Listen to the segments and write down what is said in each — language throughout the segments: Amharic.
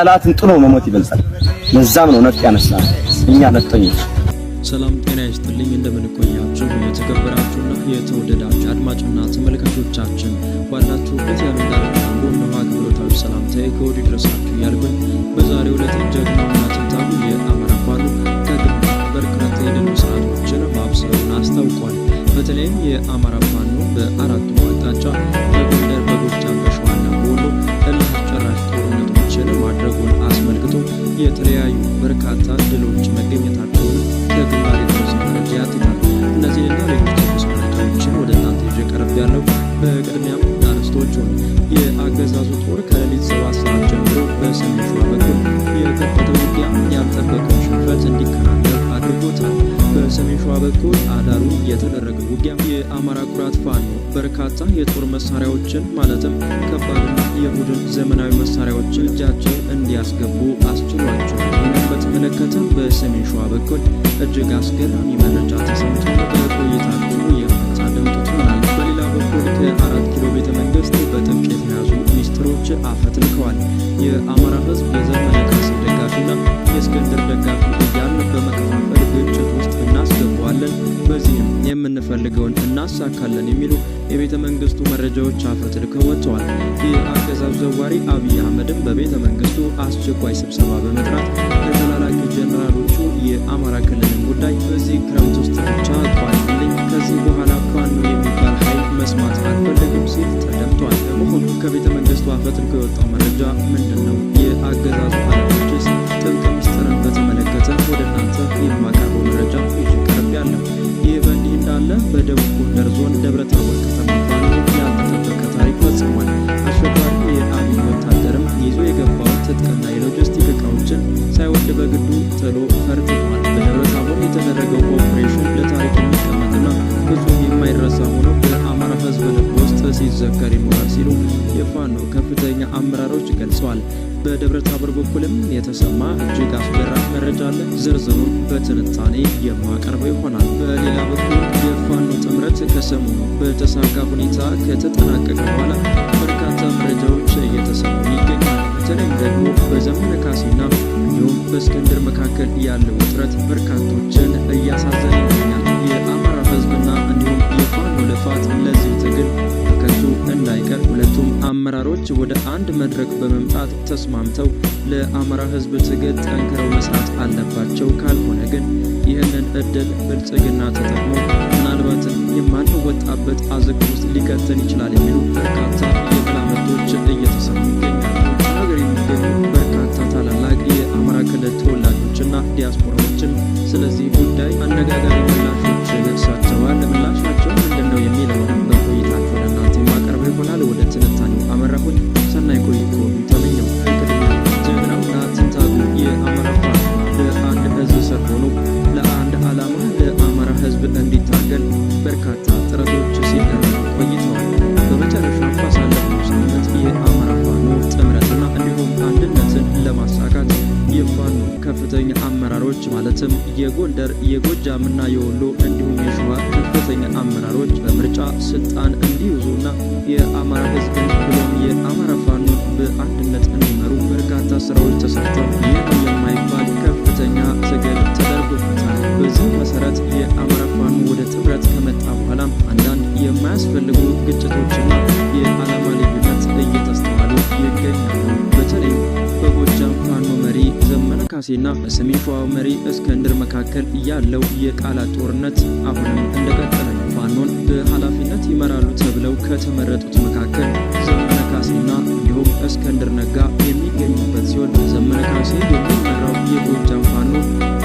ጠላትን ጥሎ መሞት ይበልጣል። ለዛም ነው ነጥ ያነሳ እኛ ነጠኞች። ሰላም ጤና ይስጥልኝ፣ እንደምን እንደምንቆያችሁ የተከበራችሁና የተወደዳችሁ አድማጭና ተመልካቾቻችን ባላችሁበት ያለ ዳርቻ ሁሉ አክብሮታዊ ሰላምታ ከወዲሁ ድረሳችሁ ያልኩኝ በዛሬው ዕለት ጀግናውና ጥንታዊ የአማራ ፋኖ ከግንባር በርካታ የድል ሰዓቶችን ማብሰሩን አስታውቋል። በተለይም የአማራ ፋኖ በአራቱ በሰሜን ሸዋ በኩል አዳሩ የተደረገ ውጊያ የአማራ ኩራት ፋኖ በርካታ የጦር መሳሪያዎችን ማለትም ከባድና የቡድን ዘመናዊ መሳሪያዎችን እጃቸው እንዲያስገቡ አስችሏቸው። ይህን በተመለከተ በሰሜን ሸዋ በኩል እጅግ አስገራሚ መረጃ ተሰምቷል። እንተካለን የሚሉ የቤተ መንግስቱ መረጃዎች አፈትልከው ወጥተዋል። ይህ ዘዋሪ አብይ አህመድም በቤተ መንግስቱ አስቸኳይ ስብሰባ በመጥራት ለተላላኪ ጀነራሎቹ የአማራ ክልልን ጉዳይ በዚህ ክረምት ውስጥ ብቻ ቋልልኝ፣ ከዚህ በኋላ ከዋኑ የሚባል ኃይል መስማት አልፈልግም ሲል ተደምጧል። በመሆኑ ከቤተ መንግስቱ አፈትልኮ የወጣው መረጃ ምንድን ነው? የአገዛዙ ኃላፊዎችስ ጥብቅ ምስጢርን በተመለከተ ወደ እናንተ የማቀርበው መረጃ በደቡብ ጎንደር ዞን ደብረ ተገልጿል። በደብረ ታቦር በኩልም የተሰማ እጅግ አስገራሚ መረጃ አለ። ዝርዝሩን በትንታኔ የማቀርበው ይሆናል። በሌላ በኩል የፋኖ ጥምረት ከሰሞኑ በተሳካ ሁኔታ ከተጠናቀቀ በኋላ በርካታ መረጃዎች እየተሰሙ ይገኛል። በተለይም ደግሞ በዘመነ ካሴና እንዲሁም በእስክንድር መካከል ያለው ውጥረት በርካቶችን እያሳዘነ ይገኛል። የአማራ ሕዝብና እንዲሁም የፋኖ ልፋት ለዚህ ትግል እንዳይቀር ሁለቱም አመራሮች ወደ አንድ መድረክ በመምጣት ተስማምተው ለአማራ ሕዝብ ትግል ጠንክረው መስራት አለባቸው። ካልሆነ ግን ይህንን እድል ብልጽግና ተጠቅሞ ምናልባትም የማንወጣበት አዘቅት ውስጥ ሊከተን ይችላል የሚሉ በርካታ የመላምቶች እየተሰሙ ይገኛሉ። ሀገር የሚገኙ በርካታ ታላላቅ የአማራ ክልል ተወላጆችና ዲያስፖራዎችም ስለዚህ ጉዳይ አነጋጋሪ የጎንደር የጎጃምና የወሎ እንዲሁም የሸዋ ከፍተኛ አመራሮች በምርጫ ስልጣን እንዲይዙና የአማራ ሕዝብን ብሎም የአማራ ፋኖን በአንድነት እንዲመሩ በርካታ ስራዎች ተሰርተው ይህ የማይባል ከፍተኛ ትግል ተደርጎበታል። በዚህ መሰረት የአማራ ፋኖ ወደ ጥምረት ከመጣ በኋላ አንዳንድ የማያስፈልጉ ግጭቶችና የዓላማ ልዩነት እየተስተዋሉ ይገኛሉ። በተለይ ካሴና በሰሜን ሸዋ መሪ እስክንድር መካከል ያለው የቃላት ጦርነት አሁንም እንደቀጠለ ነው። ፋኖን በኃላፊነት ይመራሉ ተብለው ከተመረጡት መካከል ዘመነ ካሴና እንዲሁም እስክንድር ነጋ የሚገኙበት ሲሆን ዘመነ ካሴ የሚመራው የጎጃም ፋኖ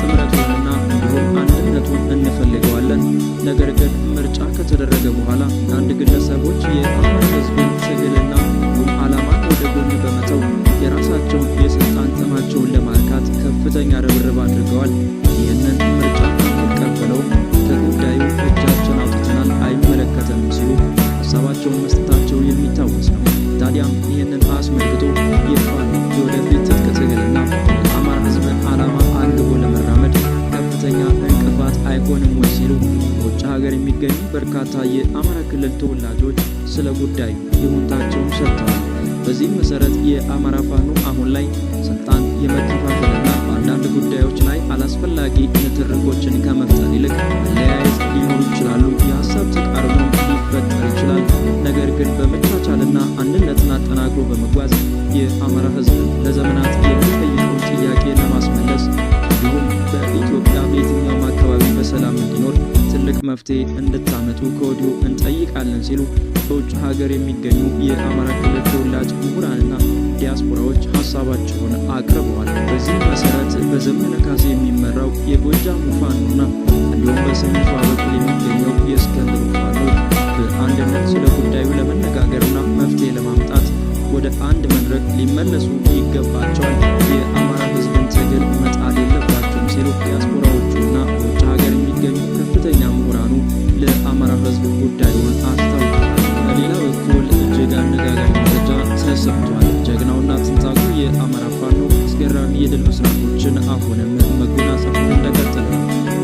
ጥምረቱንና እንዲሁም አንድነቱን እንፈልገዋለን፣ ነገር ግን ምርጫ ከተደረገ በኋላ አንድ ግለሰቦች የአማራ ህዝብን ትግልና ተወላጆች ስለ ጉዳዩ ይሁንታቸውን ሰጥተዋል። በዚህም መሰረት የአማራ ፋኖ መፍትሄ እንድታመጡ ከወዲሁ እንጠይቃለን ሲሉ በውጭ ሀገር የሚገኙ የአማራ ክልል ተወላጅ ምሁራንና ዲያስፖራዎች ሀሳባቸውን አቅርበዋል። በዚህ መሰረት በዘመነ ካሴ የሚመራው የጎጃም ፋኖና እንዲሁም በሰሜን ሸዋ በኩል የሚገኘው የእስክንድር ፋኖ በአንድነት ስለ ጉዳዩ ለመነጋገርና መፍትሄ ለማምጣት ወደ አንድ መድረክ ሊመለሱ ይገባቸዋል። የአማራ ሕዝብን ትግል መጣል የለባቸውም ሲሉ ዲያስፖራዎቹ ጉዳዩን አስታውቋል። በሌላ በኩል እጅግ አነጋጋሪ መረጃ ተሰምቷል። ጀግናውና ትንታጉ የአማራ ፋኖ አስገራሚ የድል ምስራፎችን አሁንም መጎናጸፉን እንደቀጠለ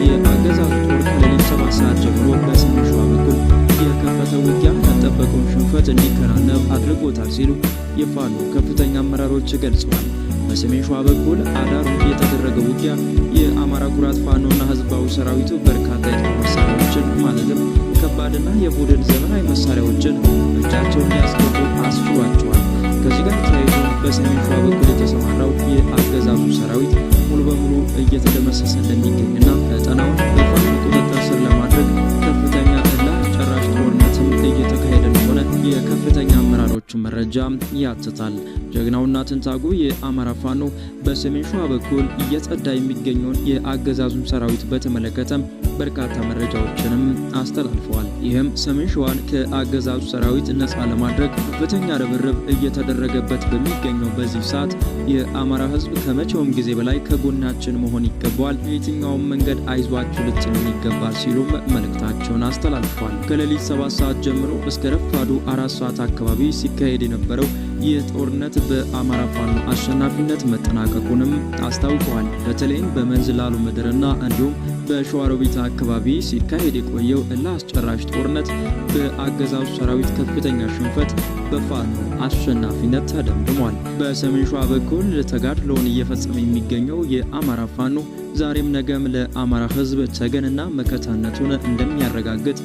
የአገዛዙ ጦር ከሌሊት ሰባት ሰዓት ጀምሮ በሰሜን ሸዋ በኩል የከፈተ ውጊያ ያልጠበቀውን ሽንፈት እንዲከናነብ አድርጎታል ሲሉ የፋኖ ከፍተኛ አመራሮች ገልጸዋል። በሰሜን ሸዋ በኩል አዳሩን የተደረገው ውጊያ የአማራ ኩራት ፋኖና ህዝባዊ ሰራዊቱ በርካታ የጦር መሳሪያዎችን ማለትም ከባድና የቡድን ዘመናዊ መሳሪያዎችን እጃቸውን ሊያስገቡ አስችሏቸዋል። ከዚህ ጋር ተያይዞ በሰሜን ሸዋ በኩል የተሰማራው የአገዛዙ ሰራዊት ሙሉ በሙሉ እየተደመሰሰ እንደሚገኝና ቀጠናውን በፋኖ ቁጥጥር ስር ለማድረግ ከፍተኛ እና ጨራሽ ጦርነትም እየተካሄደ እንደሆነ የከፍተኛ አመራሮች ያደረሰችን መረጃ ያትታል። ጀግናውና ትንታጉ የአማራ ፋኖ በሰሜን ሸዋ በኩል እየጸዳ የሚገኘውን የአገዛዙን ሰራዊት በተመለከተ በርካታ መረጃዎችንም አስተላልፈዋል። ይህም ሰሜን ሸዋን ከአገዛዙ ሰራዊት ነፃ ለማድረግ ከፍተኛ ርብርብ እየተደረገበት በሚገኘው በዚህ ሰዓት የአማራ ሕዝብ ከመቼውም ጊዜ በላይ ከጎናችን መሆን ይገባል የትኛውም መንገድ አይዟችሁ ልትሉን ይገባል ሲሉም መልእክታቸውን አስተላልፈዋል። ከሌሊት ሰባት ሰዓት ጀምሮ እስከ ረፋዱ አራት ሰዓት አካባቢ ሲከ ሲካሄድ የነበረው ይህ ጦርነት በአማራ ፋኖ አሸናፊነት መጠናቀቁንም አስታውቀዋል። በተለይም በመንዝላሉ ምድርና እንዲሁም በሸዋሮቢት አካባቢ ሲካሄድ የቆየው እልህ አስጨራሽ ጦርነት በአገዛዙ ሰራዊት ከፍተኛ ሽንፈት በፋኖ አሸናፊነት ተደምድሟል። በሰሜን ሸዋ በኩል ተጋድሎውን እየፈጸመ የሚገኘው የአማራ ፋኖ ዛሬም ነገም ለአማራ ሕዝብ ተገንና መከታነቱን እንደሚያረጋግጥ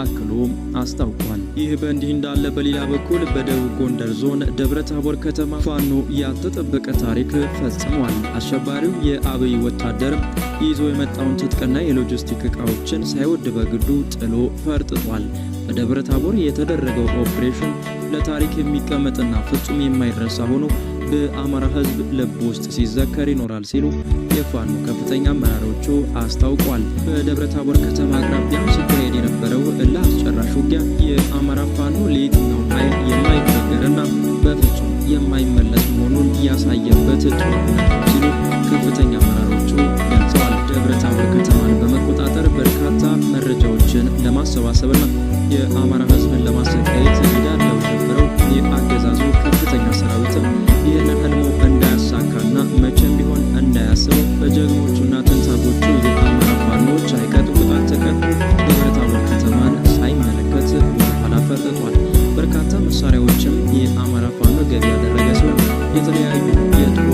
አክሎ አስታውቋል። ይህ በእንዲህ እንዳለ በሌላ በኩል በደቡብ ጎንደር ዞን ደብረ ታቦር ከተማ ፋኖ ያልተጠበቀ ታሪክ ፈጽሟል። አሸባሪው የአብይ ወታደር ይዞ የመጣውን ትጥቅና የሎጂስቲክ እቃዎችን ሳይወድ በግዱ ጥሎ ፈርጥቷል። በደብረ ታቦር የተደረገው ኦፕሬሽን ለታሪክ የሚቀመጥና ፍጹም የማይረሳ ሆኖ በአማራ ህዝብ ልብ ውስጥ ሲዘከር ይኖራል ሲሉ የፋኖ ከፍተኛ አመራሮቹ አስታውቋል። በደብረ ታቦር ከተማ አቅራቢያ ሲካሄድ የነበረው እልህ አስጨራሽ ውጊያ የአማራ ፋኖ ለየትኛው ኃይል የማይበገርና በፍጹም የማይመለስ መሆኑን ያሳየበት ጦርነት ነው ሲሉ ከፍተኛ አመራሮቹ ገልጸዋል። ደብረ ታቦር ከተማን በመቆጣጠር በርካታ መረጃዎችን ለማሰባሰብና የአማራ ህዝብን ለማሰቃየት ዳር ለው የነበረው የአገዛዙ ከፍተኛ ሰራዊትም ይህንን ህልሙ እንዳያሳካና መቼም ቢሆን እንዳያስበው በጀግኖቹና ተንታጎቹ የአማራ ፋኖች አይቀጡ ቅጣት ቀን ደብረታቦር ከተማን ሳይመለከት ወደኋላ ፈርጥጧል። በርካታ መሳሪያዎችም የአማራ ፋኖ ገቢ ያደረገ ሲሆን የተለያዩ የጦር